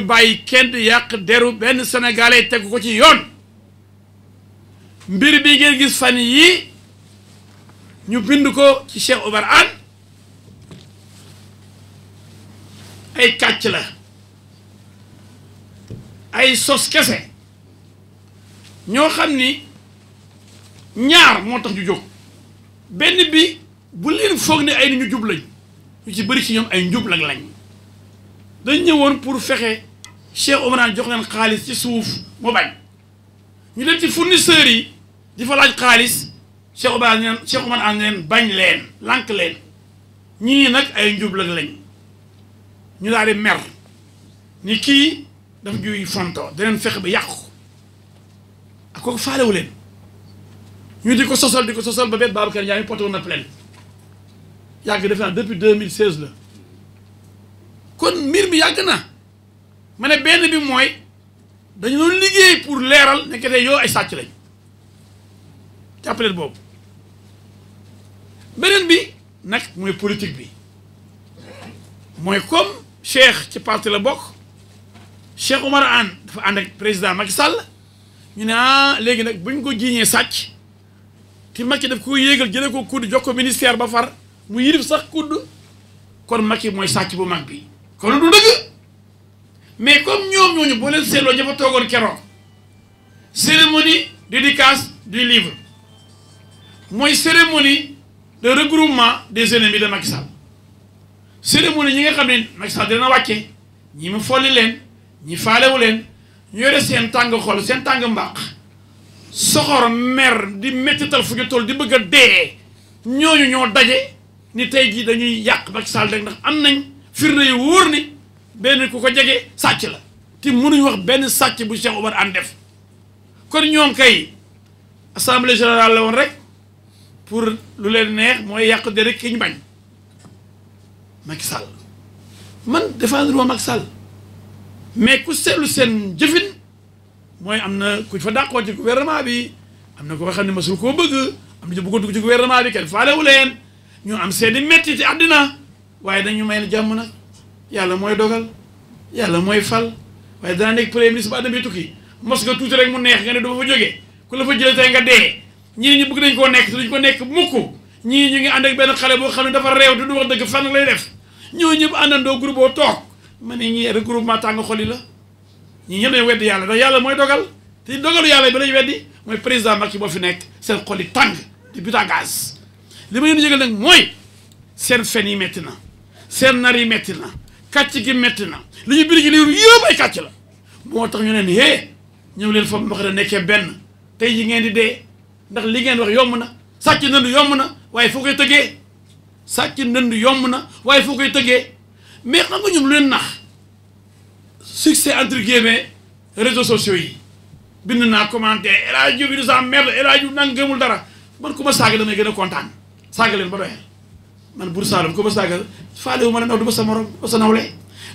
ñu bàyyi kenn yàq deru benn sénégalais tegu ko ci yoon mbir bi ngeen gis fan yii ñu bind ko ci Cheikh Oumar Anne ay kàcc la ay sos kese ñoo xam ni ñaar moo tax ñu jóg benn bi bu leen foog ne ay ni ñu jub lañ ñu ci bëri ci ñoom ay njub lañ lañ dañ ñëwoon pour fexe Cheikh Oumar jox leen xaalis ci suuf mu bañ ñu dem ci fournisseurs yi di fa laaj xaalis Cheikh Oumar neen Cheikh Oumar an leen bañ leen lànk leen ñii nag ay njublag lañ ñu daal di mer ni kii dafa juy fonto daneen fexe bi yàqu ak kooku faalewu leen ñu di ko sosol di ko sosol ba bet Babacar Ndiaye mi porté na plainte yàgg def naa depuis 2016 la kon mbir mi yàgg na ma ne benn bi mooy dañu doon liggéey pour leeral nekkete yow ay sàcc lañ jàppaleen boobu beneen bi nag mooy politique bi mooy comme Cheikh ci parti la bokk Cheikh Oumar Anne dafa ànd ak président Macky Sall ñu ne ah léegi nag buñ ko jiiñee sàcc te Macky def koo yéegal jëlee ko kudd jox ko ministère ba far mu yirif sax kudd kon Macky mooy sàcc bu mag bi kon du dëgg mais comme ñoom ñooñu boo leen seetloo ña fa toogoon keroog cérémonie dédicace du livre mooy cérémonie de regroupement des ennemis de Macky Sall cérémonie ñi nga xam ne Macky Sall dina wàcce ñi mu folli leen ñi faalewu leen ñu yore seen tàng xol seen tàng mbaq soxor mer di mettital fu ñu toll di bëgg a dee ñooñu ñoo daje ni tey jii dañuy yàq Macky Sall rek ndax am nañ firnde yu wóor ni benn ku ko jege sàcc la te mënuñ wax benn sàcc bu Cheikh Omar Anne def kon ñoom kay assemblée générale la woon rek pour lu leen neex mooy yàq de rek ki ñu bañ Macky Sall man défendre ma Macky Sall mais ku seetlu seen jëfin mooy am na ku fa dàqoo ci gouvernement bi am na koo xam ne masul koo bëgg am na ñu bëgg a dugg bi kenn faalewu leen ñu am seen i métti am àddina waaye dañu may jàmm nag. yàlla mooy dogal yàlla mooy fal waaye danaa nekk premier ministre ba àddina bi tukki mos nga tuuti rek mu neex nga ne du ma fa jógee ku la fa jëlee nga dee ñii ñu bëgg nañ koo nekk te duñ ko nekk mukk ñii ñu ngi ànd ak benn xale boo xam ne dafa réew te du wax dëgg fan lay def ñoo ñëpp àndandoo groupe boo toog ma ne ñii regroupement tàng xol yi la ñii ñëpp dañu weddi yàlla ndax yàlla mooy dogal te dogalu yàlla bi lañu weddi mooy président Macky boo fi nekk seen xol yi tàng di gaz li ma leen yëgal nag mooy seen fen yi métti na seen nar yi métti na kàcc gi metti na li ñu biri ji li yëpp ay kacc la moo tax ñu neen hé ñëw leen foofu mbax da nekkee benn tey ji ngeen di dee ndax li ngeen wax yomb na sàcc ndënd yomb na waaye foo koy tëggee sàcc ndënd yomb na waaye foo koy tëggee mais xam nga ñoom lu leen nax succès entre guillemets réseaux sociaux yi bind naa commenté El Hadj Diouf bi du sa merde El Hadj Diouf dara man ku ma saaga damay gën a kontaan saaga leen ba doyal man Buur Saalum ku ma saaga faalewu ma la ndaw du ma sa morom du ma sa nawle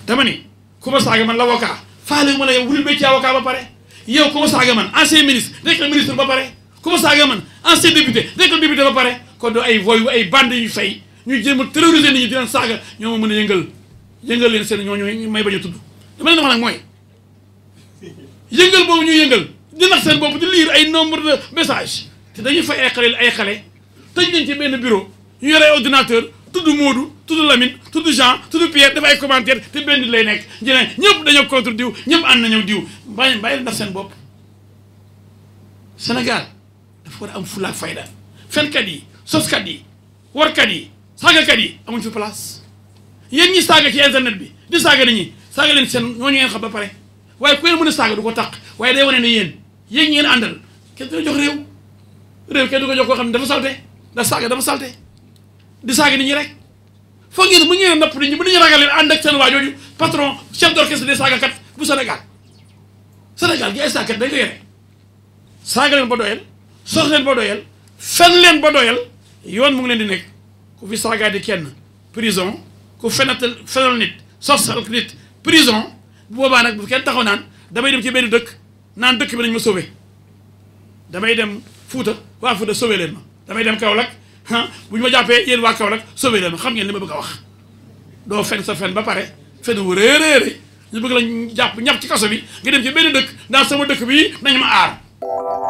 dama ni ku ma saaga man l'avocat faalewu ma la yow wulul métier avocat ba pare yow ku ma saaga man ancien ministre nekk ministre ba pare ku ma saaga man ancien député nekk député ba pare kon do ay voyu ay bande yu fay ñu jéem a terroriser nit ñi di leen saaga ñoo ma mën a yëngal yëngal leen seen ñooñu may bañ a tudd dama leen wax nag mooy yëngal boobu ñu yëngal di seen bopp di lire ay nombre de message te dañuy fay ay xale ay xale tëj nañ ci benn bureau ñu yore ordinateur tudd Moodu tudd Lamine tudd Jean tudd Pierre dafa ay commentaire te benn lay nekk ñu ne ñëpp dañoo contre ñëpp ànd nañu diw bàyyi bàyyi daf seen bopp Sénégal dafa war a am fulaak fayda yi soskat yi warkat yi saagakat yi amuñ place yéen ñi saaga ci bi di saaga nit ñi saaga leen seen ñooñu ba pare waaye ku leen mën a ko taq waaye day wane ne yéen yéen ngeen àndal kenn du la jox koo xam ne dafa salte ndax saaga dafa salte di saaga nit ñi rek foog ngeen mu ngeen napp nit ñi bu ñu ragal leen ànd ak seen waa jooju patron chef d'orchestre des saagakat bu Sénégal Sénégal gi ay saagakat dañ ko yore saaga leen ba doyal sox leen yoon mu ngi leen di nekk ku fi saagaa di prison ku fenatal fenal nit soxal nit prison bu boobaa nag bu kenn taxaw naan damay dem ci benn dëkk naan dëkk bi nañ ma sauvé damay dem Fuuta waa Fuuta sauvé leen ma damay dem Kaolack ah bu ñu ma jàppee yéen waa Kaolack sauvé leen xam ngeen li ma bëgg a wax doo fen sa fen ba pare fen wu réeréeré ñu bëgg la jàpp ñàpp ci kaso bi nga dem ci benn dëkk ndax sama dëkk bi nañ ma aar